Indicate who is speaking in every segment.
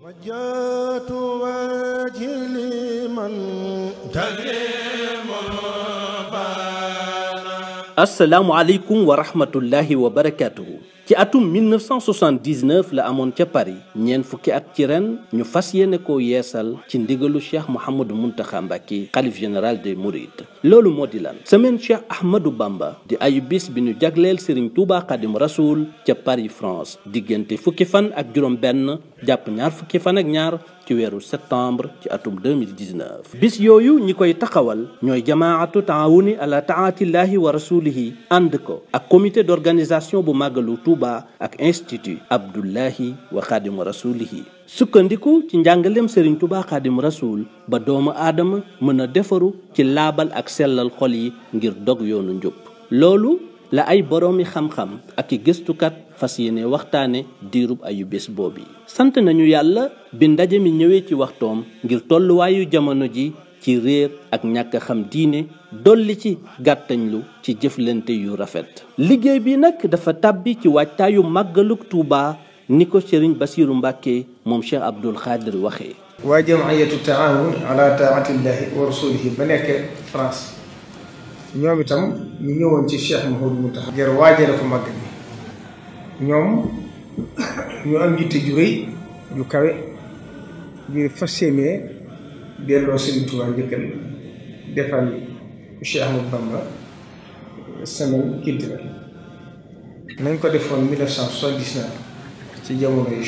Speaker 1: وجهت وجهي لمن تغيم
Speaker 2: asalaamualeykum wa rahmatullahi ci atum 1979 la amoon ca Paris ñeent fukki at ci ren ñu fas yéene ko yeesal ci ndigalu cheikh Mouhamadou Mountakha Mbacké xalif général des Mourides loolu moo di lan semaine Cheikh Ahmadou Bamba di ayu bis bi ñu jagleel Serigne Touba Khadim Rasoul ca Paris France diggante fukki fan ak juróom benn jàpp ñaar fukki fan ak ñaar ci weeru septembre ci atum 2019 bis yooyu ñi koy taxawal ñooy jamaatu taawuni ala taatillahi wa rasulihi ànd ko ak comité d'organisation bu màggalu Touba ak institut Abdullahi wa Khadim Rasulihi sukkandiku ci njàngaleem sëriñ Touba Xaadim Rasuul ba doomu aadama mën a defaru ci laabal ak sellal xol yi ngir dog yoonu njub loolu la ay boroomi xam-xam ak i gëstukat fas yéene waxtaane diirub ayu bés boobu sant nañu yàlla bi ndaje mi ñëwee ci waxtoom ngir tolluwaayu jamono ji ci réer ak ñàkk xam diine dolli ci gàttañlu ci jëflante yu rafet liggéey bi nag dafa tàbbi ci waajtaayu màggaluk Tuuba ni ko Serigne Bassirou Mbacke moom Cheikh Abdoul Khadir waxee.
Speaker 1: waa jamiyatu taawun ala taatillahi wa rasulihi ba nekk France ñoom itam ñu ñëwoon ci Cheikh mu Mountakha. jar waajale ko màgg bi ñoom ñu am yitte ju rëy ju kawe ngir fas yéenee delloo Serigne Touba njëkkal defal Cheikh Ahmadou Bamba semaine culturelle nañ ko defoon jamono yu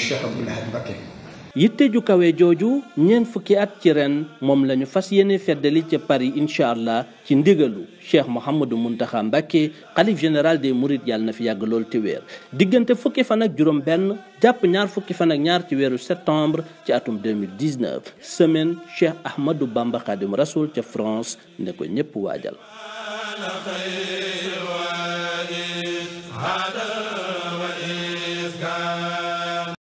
Speaker 2: yitte ju kawee jooju ñeent fukki at ci ren moom la ñu fas yéene feddali ca Paris incha allah ci ndigalu Cheikh Mouhamadou Mountakha Mbacké xalif général des Mourides yàlla na fi yàgg lool te weer diggante fukki fan ak juróom-benn jàpp ñaar fukki fan ñaar ci weeru septembre ci atum 2019 semaine Cheikh Ahmadou Bamba Khadim Rasoul ca France ne ko ñëpp waajal.